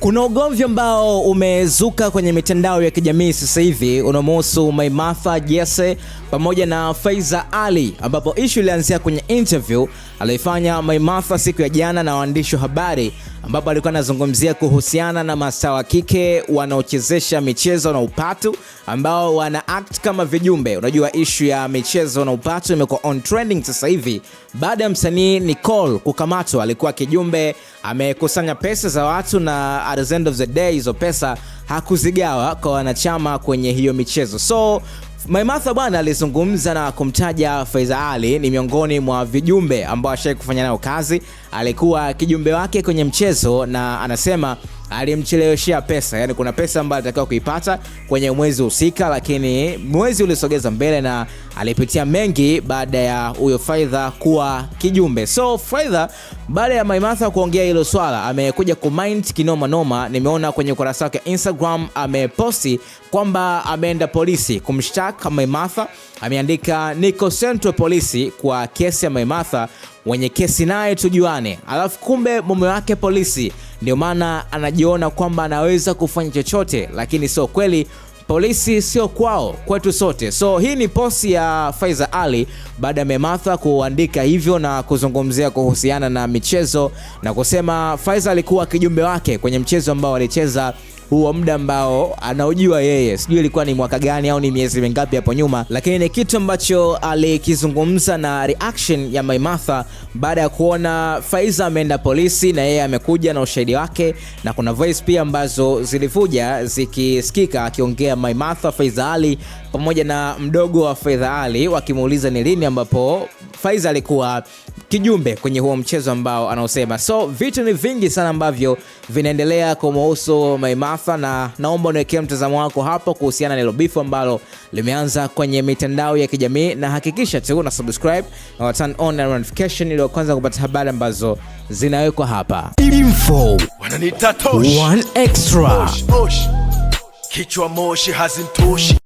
Kuna ugomvi ambao umezuka kwenye mitandao ya kijamii sasa hivi unamuhusu maimafa jese pamoja na Faiza Ali, ambapo ishu ilianzia kwenye interview aliyoifanya Maimartha siku ya jana na waandishi wa habari, ambapo alikuwa anazungumzia kuhusiana na mastaa wa kike wanaochezesha michezo na upatu ambao wana act kama vijumbe. Unajua, ishu ya michezo na upatu imekuwa on trending sasa hivi baada ya msanii Nicole kukamatwa. Alikuwa kijumbe, amekusanya pesa za watu na at the end of the day hizo pesa hakuzigawa kwa wanachama kwenye hiyo michezo so Maimartha bwana alizungumza na kumtaja Faiza Ali ni miongoni mwa vijumbe ambao ashai kufanya nao kazi. Alikuwa kijumbe wake kwenye mchezo na anasema alimcheleweshea pesa, yani kuna pesa ambayo alitakiwa kuipata kwenye mwezi husika, lakini mwezi ulisogeza mbele na alipitia mengi baada ya huyo Faidha kuwa kijumbe. So Faidha baada ya maimatha kuongea hilo swala amekuja kumind kinoma noma. Nimeona kwenye ukurasa wake Instagram ameposti kwamba ameenda polisi kumshtaka maimatha Ameandika niko Central polisi kwa kesi ya maimatha wenye kesi naye tujuane. Alafu kumbe mume wake polisi ndio maana anajiona kwamba anaweza kufanya chochote, lakini sio kweli. Polisi sio kwao, kwetu sote. So hii ni posti ya Faiza Ali baada ya Memartha kuandika hivyo na kuzungumzia kuhusiana na michezo na kusema Faiza alikuwa kijumbe wake kwenye mchezo ambao alicheza huo muda ambao anaojiwa yeye, sijui ilikuwa ni mwaka gani au ni miezi mingapi hapo nyuma, lakini ni kitu ambacho alikizungumza na reaction ya Maimartha baada ya kuona Faiza ameenda polisi na yeye amekuja na ushahidi wake, na kuna voice pia ambazo zilivuja zikisikika akiongea Maimartha, Faiza Ali pamoja na mdogo wa Faiza Ali wakimuuliza ni lini ambapo Faiza alikuwa kijumbe kwenye huo mchezo ambao anaosema. So vitu ni vingi sana ambavyo vinaendelea kumhusu Maimartha Martha, na naomba niwekee mtazamo wako hapo kuhusiana na hilo bifu ambalo limeanza kwenye mitandao ya kijamii, na hakikisha tu una subscribe na turn on notification ili kwanza kupata habari ambazo zinawekwa hapa. Info one extra Tosh, Tosh. Kichwa moshi hazintoshi.